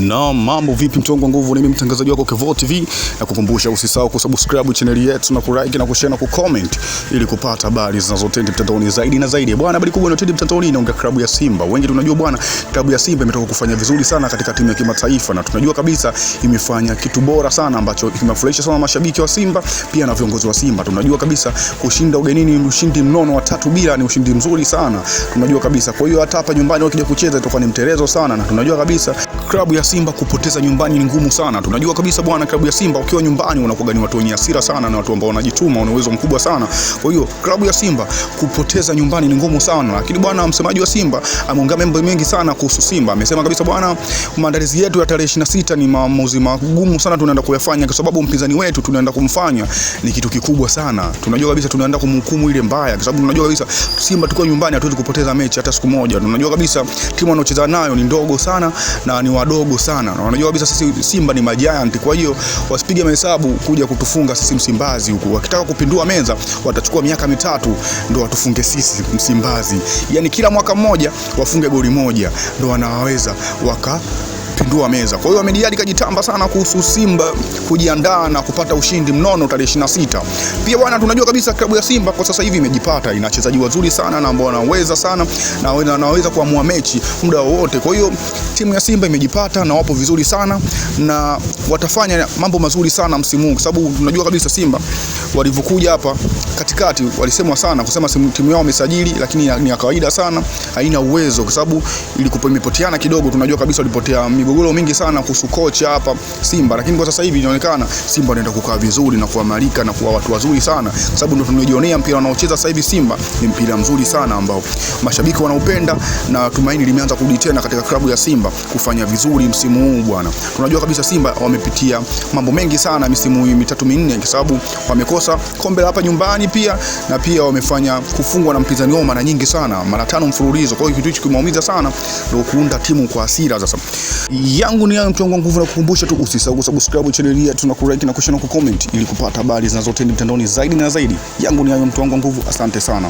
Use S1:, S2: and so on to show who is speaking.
S1: Na mambo vipi, mtongo nguvu, ni mimi mtangazaji wako Kevo TV, na kukumbusha usisahau kusubscribe channel yetu na kulike na kushare na kucomment ili kupata habari zinazotendi mtandaoni zaidi na zaidi. Bwana, habari kubwa inayotendi mtandaoni inaunga klabu ya Simba. Wengi tunajua bwana, klabu ya Simba imetoka kufanya vizuri sana katika timu ya kimataifa, na tunajua kabisa imefanya kitu bora sana ambacho kimefurahisha sana mashabiki wa Simba pia na viongozi wa Simba. Tunajua kabisa kushinda ugenini ushindi mnono wa tatu bila, ni ushindi mzuri sana, tunajua kabisa. Kwa hiyo hata hapa nyumbani wakija kucheza itakuwa ni mterezo sana, na tunajua kabisa klabu ya Simba kupoteza nyumbani ni ngumu sana. Tunajua kabisa bwana, klabu ya Simba ukiwa nyumbani unakuwa ni watu wenye hasira sana na watu ambao wanajituma, wana uwezo mkubwa sana. Kwa hiyo klabu ya Simba kupoteza nyumbani ni ngumu sana, lakini bwana, msemaji wa Simba ameongea mambo mengi sana kuhusu Simba. Amesema kabisa bwana, maandalizi yetu ya tarehe 26 ni maamuzi magumu sana tunaenda kuyafanya, kwa sababu mpinzani wetu tunaenda kumfanya ni kitu kikubwa sana. Tunajua kabisa tunaenda kumhukumu ile mbaya, kwa sababu tunajua kabisa Simba tukiwa nyumbani hatuwezi kupoteza mechi hata siku moja. Tunajua kabisa timu wanaocheza nayo ni ndogo sana na ni wadogo kidogo sana, na wanajua kabisa sisi Simba ni majiant. Kwa hiyo wasipige mahesabu kuja kutufunga sisi Msimbazi huku. Wakitaka kupindua meza watachukua miaka mitatu ndo watufunge sisi Msimbazi, yani kila mwaka mmoja wafunge goli moja ndo wanaweza waka kupindua meza. Kwa hiyo Ahmed kajitamba sana kuhusu Simba kujiandaa na kupata ushindi mnono tarehe 26. Pia bwana, tunajua kabisa klabu ya Simba kwa sasa hivi imejipata, ina wachezaji wazuri sana na ambao wanaweza sana na wanaweza kuamua mechi muda wowote. Kwa hiyo timu ya Simba imejipata na wapo vizuri sana na watafanya mambo mazuri sana msimu huu, kwa sababu tunajua kabisa Simba walivyokuja hapa katikati walisemwa sana kusema timu yao imesajili lakini ni ya kawaida sana, haina uwezo kwa sababu ilikuwa imepoteana kidogo. Tunajua kabisa walipotea migogoro mingi sana kuhusu kocha hapa Simba, lakini kwa sasa hivi inaonekana Simba wanaenda kukaa vizuri na kuamalika na kuwa watu wazuri sana, kwa sababu ndio tunajionea mpira wanaocheza sasa hivi. Simba ni mpira mzuri sana ambao mashabiki wanaupenda na tumaini limeanza kurudi tena katika klabu ya Simba kufanya vizuri msimu huu bwana. Tunajua kabisa Simba wamepitia mambo mengi sana misimu mitatu minne, kwa sababu wamekosa kombe hapa nyumbani mchezaji pia, na pia wamefanya kufungwa na mpinzani wao mara nyingi sana, mara tano mfululizo. Kwa hiyo kitu hicho kimeumiza sana, ndio kuunda timu kwa hasira. Sasa yangu ni yangu mtu wangu nguvu, na kukumbusha tu usisahau kusubscribe channel hii, tuna like na kushare na comment ili kupata habari zinazotendi mtandaoni zaidi na zaidi. Yangu ni yangu mtu wangu nguvu, asante sana.